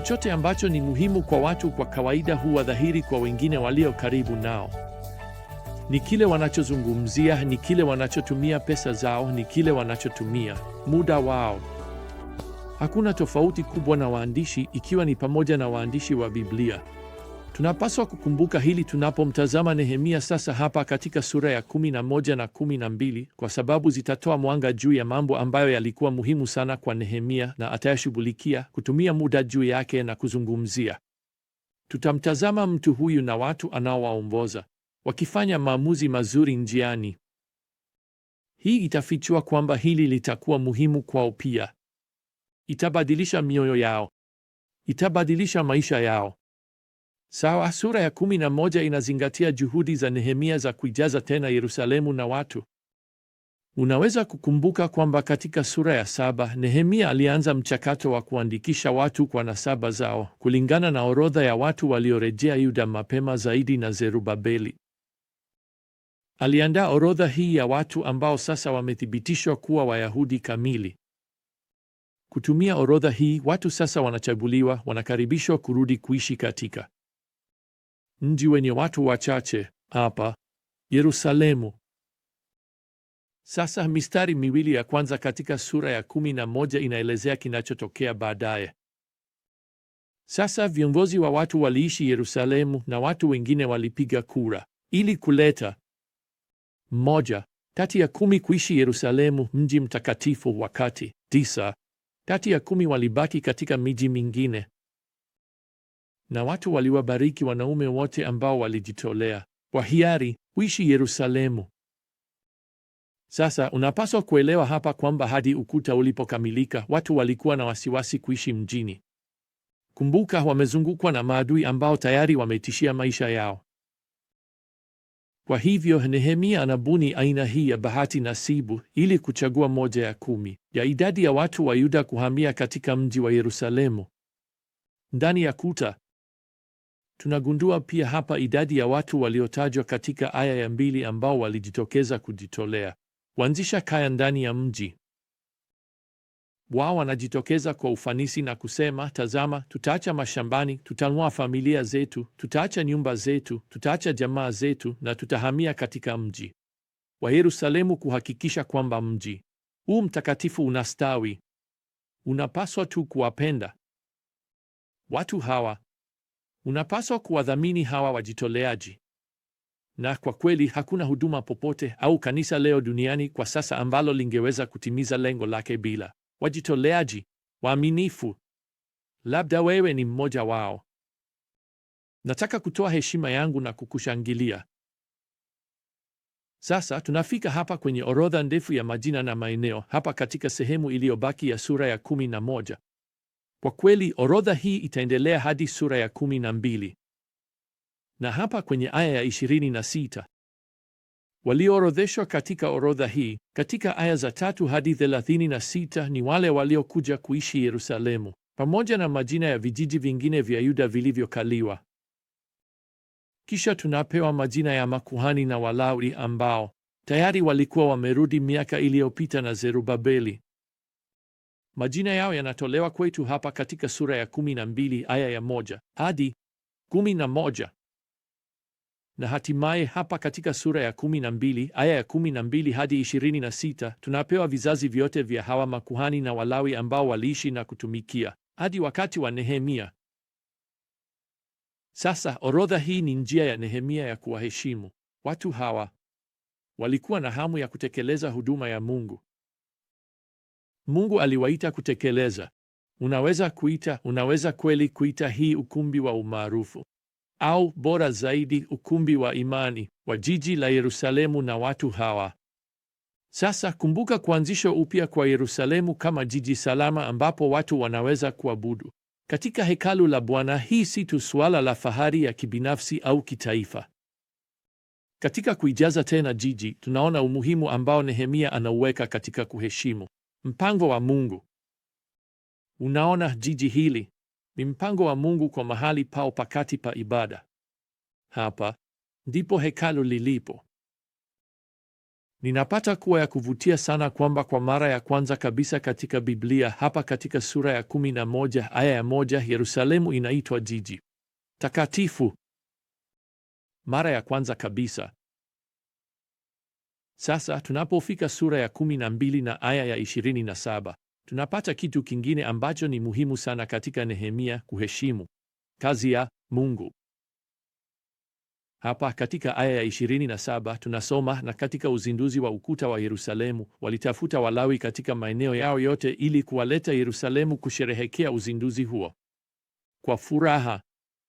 Chochote ambacho ni muhimu kwa watu kwa kawaida huwa dhahiri kwa wengine walio karibu nao. Ni kile wanachozungumzia, ni kile wanachotumia pesa zao, ni kile wanachotumia muda wao. Hakuna tofauti kubwa na waandishi, ikiwa ni pamoja na waandishi wa Biblia. Tunapaswa kukumbuka hili tunapomtazama Nehemia sasa hapa katika sura ya 11 na 12, kwa sababu zitatoa mwanga juu ya mambo ambayo yalikuwa muhimu sana kwa Nehemia na atayashughulikia, kutumia muda juu yake na kuzungumzia. Tutamtazama mtu huyu na watu anaowaongoza wakifanya maamuzi mazuri njiani. Hii itafichua kwamba hili litakuwa muhimu kwao pia. Itabadilisha mioyo yao, itabadilisha maisha yao. Sawa, sura ya kumi na moja inazingatia juhudi za Nehemia za kuijaza tena Yerusalemu na watu. Unaweza kukumbuka kwamba katika sura ya saba Nehemia alianza mchakato wa kuandikisha watu kwa nasaba zao kulingana na orodha ya watu waliorejea Yuda mapema zaidi na Zerubabeli. Aliandaa orodha hii ya watu ambao sasa wamethibitishwa kuwa Wayahudi kamili. Kutumia orodha hii, watu sasa wanachaguliwa, wanakaribishwa kurudi kuishi katika mji wenye watu wachache hapa Yerusalemu. Sasa mistari miwili ya kwanza katika sura ya kumi na moja inaelezea kinachotokea baadaye. Sasa viongozi wa watu waliishi Yerusalemu na watu wengine walipiga kura ili kuleta moja kati ya kumi kuishi Yerusalemu, mji mtakatifu, wakati tisa kati ya kumi walibaki katika miji mingine na watu waliwabariki wanaume wote ambao walijitolea kwa hiari kuishi Yerusalemu. Sasa unapaswa kuelewa hapa kwamba hadi ukuta ulipokamilika, watu walikuwa na wasiwasi kuishi mjini. Kumbuka, wamezungukwa na maadui ambao tayari wametishia maisha yao. Kwa hivyo Nehemia anabuni aina hii ya bahati nasibu ili kuchagua moja ya kumi ya idadi ya watu wa Yuda kuhamia katika mji wa Yerusalemu ndani ya kuta. Tunagundua pia hapa idadi ya watu waliotajwa katika aya ya mbili ambao walijitokeza kujitolea kuanzisha kaya ndani ya mji wao. Wanajitokeza kwa ufanisi na kusema, tazama, tutaacha mashambani, tutanua familia zetu, tutaacha nyumba zetu, tutaacha jamaa zetu na tutahamia katika mji wa Yerusalemu kuhakikisha kwamba mji huu mtakatifu unastawi. Unapaswa tu kuwapenda watu hawa. Unapaswa kuwadhamini hawa wajitoleaji. Na kwa kweli hakuna huduma popote au kanisa leo duniani kwa sasa ambalo lingeweza kutimiza lengo lake bila wajitoleaji waaminifu. Labda wewe ni mmoja wao. Nataka kutoa heshima yangu na kukushangilia. Sasa tunafika hapa kwenye orodha ndefu ya majina na maeneo hapa katika sehemu iliyobaki ya sura ya kumi na moja. Kwa kweli orodha hii itaendelea hadi sura ya kumi na mbili na hapa kwenye aya ya ishirini na sita walioorodheshwa katika orodha hii katika aya za tatu hadi thelathini na sita ni wale waliokuja kuishi Yerusalemu pamoja na majina ya vijiji vingine vya Yuda vilivyokaliwa. Kisha tunapewa majina ya makuhani na Walawi ambao tayari walikuwa wamerudi miaka iliyopita na Zerubabeli Majina yao yanatolewa kwetu hapa katika sura ya kumi na mbili aya ya moja hadi kumi na moja na hatimaye hapa katika sura ya kumi na mbili aya ya kumi na mbili hadi ishirini na sita tunapewa vizazi vyote vya hawa makuhani na Walawi ambao waliishi na kutumikia hadi wakati wa Nehemia. Sasa orodha hii ni njia ya Nehemia ya kuwaheshimu watu hawa. Walikuwa na hamu ya kutekeleza huduma ya Mungu Mungu aliwaita kutekeleza. Unaweza kuita, unaweza kweli kuita hii ukumbi wa umaarufu au bora zaidi ukumbi wa imani wa jiji la Yerusalemu na watu hawa. Sasa kumbuka kuanzishwa upya kwa Yerusalemu kama jiji salama ambapo watu wanaweza kuabudu katika hekalu la Bwana. Hii si tu suala la fahari ya kibinafsi au kitaifa. Katika kuijaza tena jiji, tunaona umuhimu ambao Nehemia anauweka katika kuheshimu Mpango wa Mungu. Unaona, jiji hili ni mpango wa Mungu kwa mahali pao pakati pa ibada. Hapa ndipo hekalu lilipo. Ninapata kuwa ya kuvutia sana kwamba kwa mara ya kwanza kabisa katika Biblia, hapa katika sura ya 11 aya ya moja, Yerusalemu inaitwa jiji takatifu mara ya kwanza kabisa. Sasa tunapofika sura ya kumi na mbili na aya ya ishirini na saba tunapata kitu kingine ambacho ni muhimu sana katika Nehemia: kuheshimu kazi ya Mungu. Hapa katika aya ya 27 tunasoma, na katika uzinduzi wa ukuta wa Yerusalemu walitafuta Walawi katika maeneo yao yote ili kuwaleta Yerusalemu kusherehekea uzinduzi huo kwa furaha,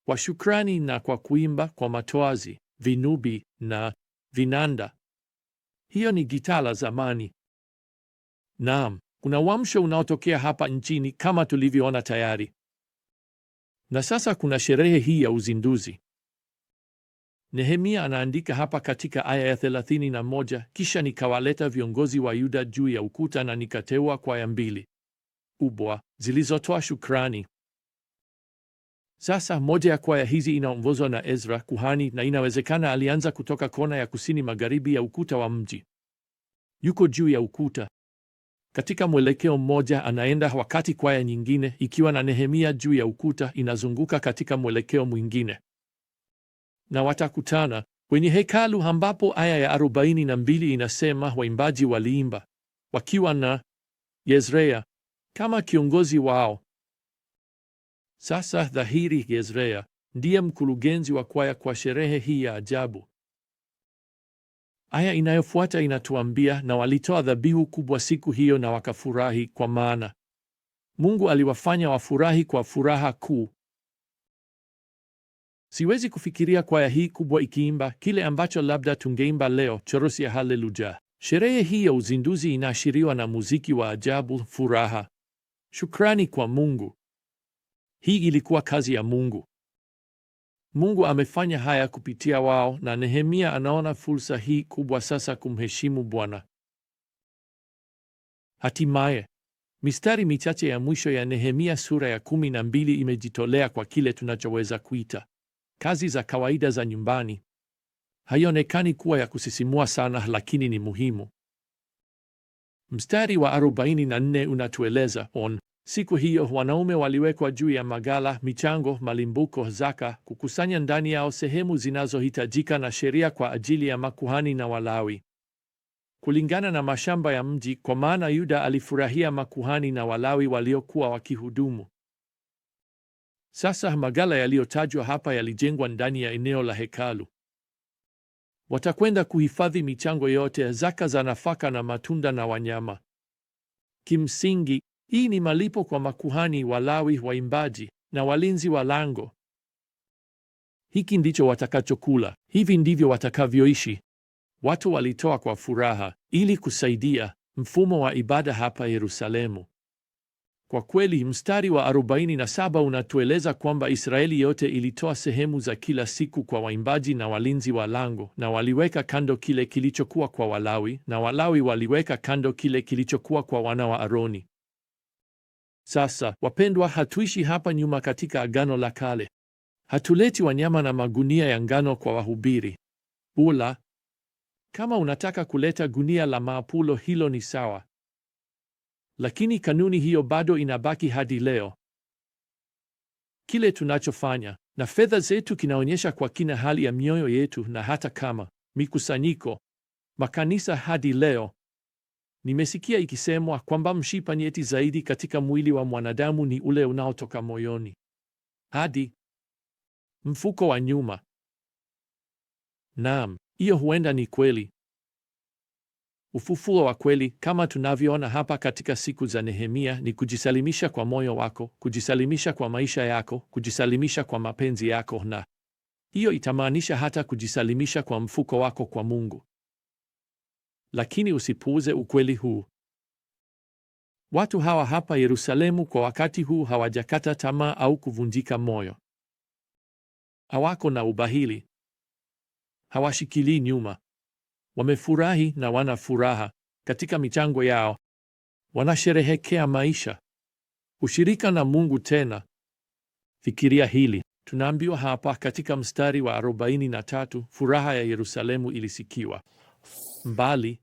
kwa shukrani na kwa kuimba kwa matoazi, vinubi na vinanda. Hiyo ni gitaa la zamani. Naam, kuna uamsho unaotokea hapa nchini kama tulivyoona tayari, na sasa kuna sherehe hii ya uzinduzi. Nehemia anaandika hapa katika aya ya 31, kisha nikawaleta viongozi wa Yuda juu ya ukuta na nikateua kwaya mbili kubwa zilizotoa shukrani sasa moja ya kwaya hizi inaongozwa na Ezra kuhani, na inawezekana alianza kutoka kona ya kusini magharibi ya ukuta wa mji. Yuko juu ya ukuta katika mwelekeo mmoja anaenda, wakati kwaya nyingine ikiwa na Nehemia juu ya ukuta inazunguka katika mwelekeo mwingine, na watakutana kwenye hekalu ambapo aya ya 42 inasema waimbaji waliimba wakiwa na Yezrea kama kiongozi wao. Sasa dhahiri Yezrea ndiye mkurugenzi wa kwaya kwa sherehe hii ya ajabu. Aya inayofuata inatuambia, na walitoa dhabihu kubwa siku hiyo na wakafurahi, kwa maana Mungu aliwafanya wafurahi kwa furaha kuu. Siwezi kufikiria kwaya hii kubwa ikiimba kile ambacho labda tungeimba leo, chorusi ya haleluya. Sherehe hii ya uzinduzi inaashiriwa na muziki wa ajabu, furaha, shukrani kwa Mungu. Hii ilikuwa kazi ya Mungu. Mungu amefanya haya kupitia wao, na Nehemia anaona fursa hii kubwa sasa kumheshimu Bwana. Hatimaye mistari michache ya mwisho ya Nehemia sura ya kumi na mbili imejitolea kwa kile tunachoweza kuita kazi za kawaida za nyumbani. Haionekani kuwa ya kusisimua sana, lakini ni muhimu. Mstari wa 44 unatueleza on Siku hiyo wanaume waliwekwa juu ya magala, michango, malimbuko, zaka, kukusanya ndani yao sehemu zinazohitajika na sheria kwa ajili ya makuhani na Walawi kulingana na mashamba ya mji, kwa maana Yuda alifurahia makuhani na Walawi waliokuwa wakihudumu. Sasa magala yaliyotajwa hapa yalijengwa ndani ya eneo la hekalu. Watakwenda kuhifadhi michango yote, zaka za nafaka na matunda na wanyama. Kimsingi, hii ni malipo kwa makuhani, Walawi, waimbaji na walinzi wa lango. Hiki ndicho watakachokula, hivi ndivyo watakavyoishi. Watu walitoa kwa furaha ili kusaidia mfumo wa ibada hapa Yerusalemu. Kwa kweli, mstari wa 47 unatueleza kwamba Israeli yote ilitoa sehemu za kila siku kwa waimbaji na walinzi wa lango, na waliweka kando kile kilichokuwa kwa Walawi, na Walawi waliweka kando kile kilichokuwa kwa wana wa Aroni. Sasa wapendwa, hatuishi hapa nyuma katika Agano la Kale. Hatuleti wanyama na magunia ya ngano kwa wahubiri bula. Kama unataka kuleta gunia la maapulo, hilo ni sawa, lakini kanuni hiyo bado inabaki hadi leo. Kile tunachofanya na fedha zetu kinaonyesha kwa kina hali ya mioyo yetu, na hata kama mikusanyiko, makanisa hadi leo Nimesikia ikisemwa kwamba mshipa nyeti zaidi katika mwili wa mwanadamu ni ule unaotoka moyoni hadi mfuko wa nyuma. Naam, hiyo huenda ni kweli. Ufufuo wa kweli kama tunavyoona hapa katika siku za Nehemia ni kujisalimisha kwa moyo wako, kujisalimisha kwa maisha yako, kujisalimisha kwa mapenzi yako, na hiyo itamaanisha hata kujisalimisha kwa mfuko wako kwa Mungu lakini usipuuze ukweli huu. Watu hawa hapa Yerusalemu kwa wakati huu hawajakata tamaa au kuvunjika moyo. Hawako na ubahili, hawashikilii nyuma, wamefurahi na wana furaha katika michango yao, wanasherehekea maisha, ushirika na Mungu. Tena fikiria hili, tunaambiwa hapa katika mstari wa 43 furaha ya Yerusalemu ilisikiwa mbali.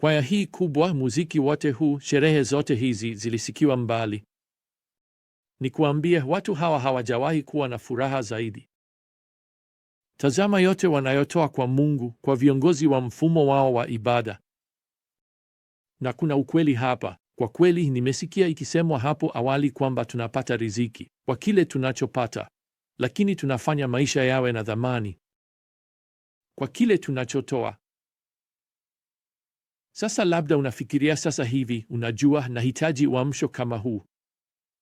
Kwaya hii kubwa, muziki wote huu, sherehe zote hizi zilisikiwa mbali. Nikuambie, watu hawa hawajawahi kuwa na furaha zaidi. Tazama yote wanayotoa kwa Mungu, kwa viongozi wa mfumo wao wa ibada. Na kuna ukweli hapa. Kwa kweli, nimesikia ikisemwa hapo awali kwamba tunapata riziki kwa kile tunachopata, lakini tunafanya maisha yawe na dhamani kwa kile tunachotoa. Sasa labda unafikiria sasa hivi, unajua, nahitaji uamsho kama huu,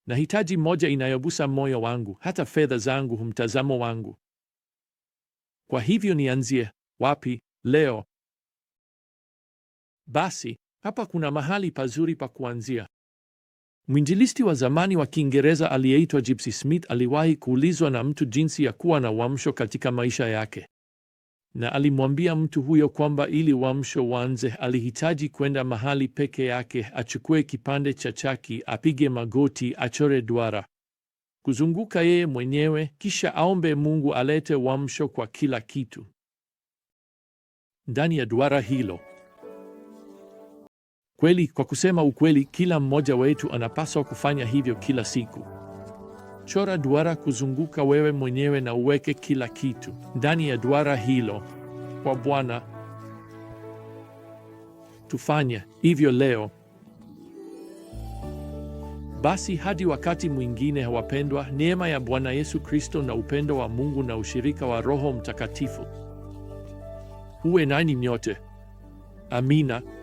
nahitaji moja inayogusa moyo wangu, hata fedha zangu, mtazamo wangu. Kwa hivyo nianzie wapi leo? Basi hapa kuna mahali pazuri pa kuanzia. Mwinjilisti wa zamani wa Kiingereza aliyeitwa Gypsy Smith aliwahi kuulizwa na mtu jinsi ya kuwa na uamsho katika maisha yake na alimwambia mtu huyo kwamba ili wamsho wanze alihitaji kwenda mahali peke yake, achukue kipande cha chaki, apige magoti, achore duara kuzunguka yeye mwenyewe, kisha aombe Mungu alete wamsho kwa kila kitu ndani ya duara hilo. Kweli, kwa kusema ukweli, kila mmoja wetu anapaswa kufanya hivyo kila siku. Chora duara kuzunguka wewe mwenyewe na uweke kila kitu ndani ya duara hilo kwa Bwana. tufanya hivyo leo. Basi hadi wakati mwingine, wapendwa, neema ya Bwana Yesu Kristo na upendo wa Mungu na ushirika wa Roho Mtakatifu uwe nani nyote. Amina.